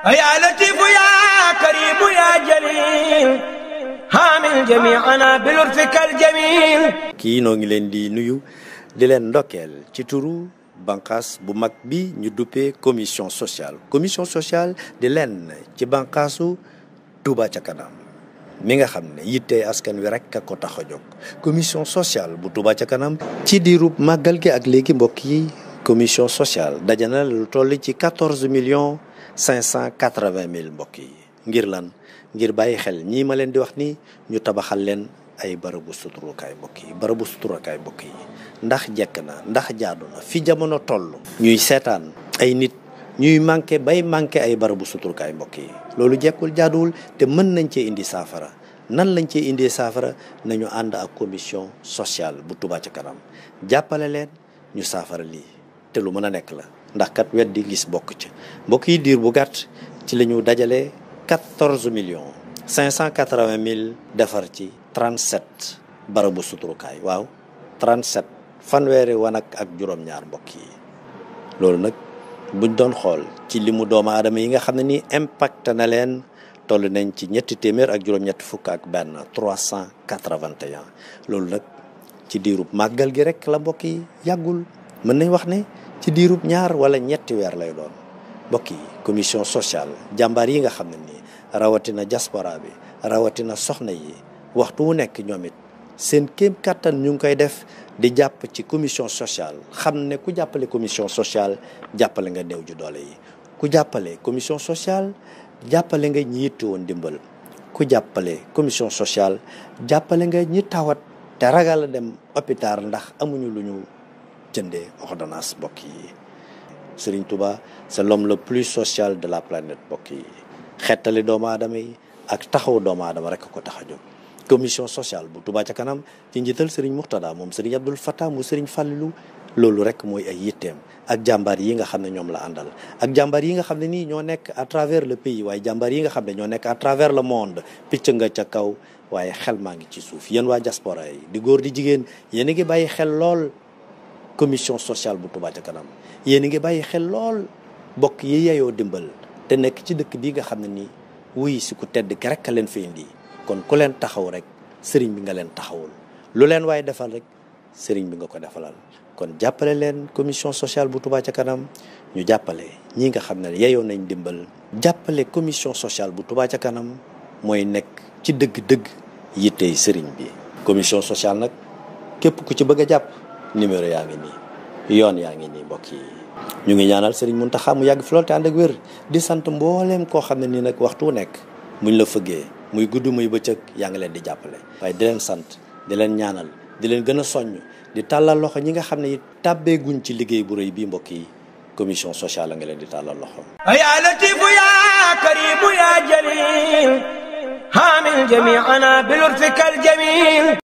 يا لطيف يا كريم يا جليل حامل جميعنا بلطف الجميل kii noo ngi leen di nuyu di leen ndokkeel ci turu banqaas bu mag bi ñu duppee commission sociale commission sociale di leen ci banqaasu Touba ca kanam mi nga xam ne yittee askan wi rek a ko tax a jóg commission sociale bu Touba ca kanam ci diirub màggal gi ak léegi mbokk yi commission sociale dajana lu toll ci 14 millions cinq cent quatre vingt mille mbokk yi ngir lan ngir bàyyi xel ñii ma leen di wax nii ñu tabaxal leen ay barabu suturukaay mbokk yi barabu suturukaay mbokk yi ndax jekk na ndax jaadu na fi jamono toll. ñuy seetaan ay nit ñuy manqué bay manqué ay barabu suturukaay mbokk yi loolu jekkul jaaduwul te mën nañ cee indi saafara nan lañ ci indee saafara nañu ànd ak commission sociale bu Touba ca kanam jàppale leen ñu saafara lii. te lu mën nek la ndax kat wet di gis bok ci mbokk yi dir bu gat ci la dajale 14 millions 580.000 defar ci 37 barabu kay waw 37 fanweeri wanak ak juróom-ñaar mbokk yi loolu nak buñ doon xol ci limu doomu aadama yi nga xam ni impact na len tollu nañ ci ñetti témèr ak juróom ñett fukk ak ben 381 loolu nak ci diru magal gi rek la mbokk yi yagul mën nañ wax ne ci dirup ñaar wala ñetti weer lay doon bokki commission sociale jambar yi nga xam ni rawati rawatina diaspora bi rawatina soxna yi waxtu wu nekk ñomit seen katan ñu koy def di japp ci commission sociale xamne ku jappale commission sociale jappale nga néew ju doole yi ku jappale commission sociale jappale nga ñi won dimbal ku jappale commission sociale jappale nga ñi tawat te ragal dem hôpital ndax amuñu luñu jëndee ordonnance mbokk Serigne Touba c'est l'homme le plus social de la planète mbokk yi xettali doomu aadama yi ak taxaw doomu adam rek ko tax commission sociale bu Touba ca kanam ci njiital Serigne Mourtada mom Serigne Abdoul Fattah mu Serigne Fallilou lolou rek moy ay yitteem ak jambar yi nga xam ñom la andal ak jambar yi nga xam ni ño nek à travers le pays waye jambar yi nga xam ño nek à travers le monde picc nga ca kaw waye xel ma ngi ci souf yeen wa diaspora yi di gor di jigen yeen ngi bàyyi xel lol commission sociale bu Touba ca kanam yéen a ngi bàyyi xel lool bokk yi yeyoo dimbal te nekk ci dëkk bi nga xam ne nii wuy si ku tedd ki rek a leen fi indi kon ku leen taxaw rek sëriñ bi nga leen taxawul lu leen waaye defal rek bi nga ko defalal kon jàppale leen commission sociale bu Touba ca kanam ñu jàppale ñii nga xam ne yeyoo nañ dimbal jàppale commission sociale bu tubaa ca kanam mooy nekk ci dëgg-dëgg yittey sëriñ bi commission sociale nag képp ku ci bëgg a jàpp numéro yaa ngi nii yoon yaa ngi nii mbokk ñu ngi ñaanal Serigne Mountakha mu yàgg fi lool te ànd ak wér di sant mbooleem koo xam ne nii nag waxtu wu nekk buñ la fëggee muy gudd muy bëccëg yaa ngi leen di jàppale. waaye di leen sant di leen ñaanal di leen gën a soññ di tàllal loxo ñi nga xam ne tàbbee guñ ci liggéey bu rëy bii mbokk yi commission sociale a nga leen di tàllal loxo. yaa latifu yaa karimu yaa jalil haamil jamiana bilurfikal jamil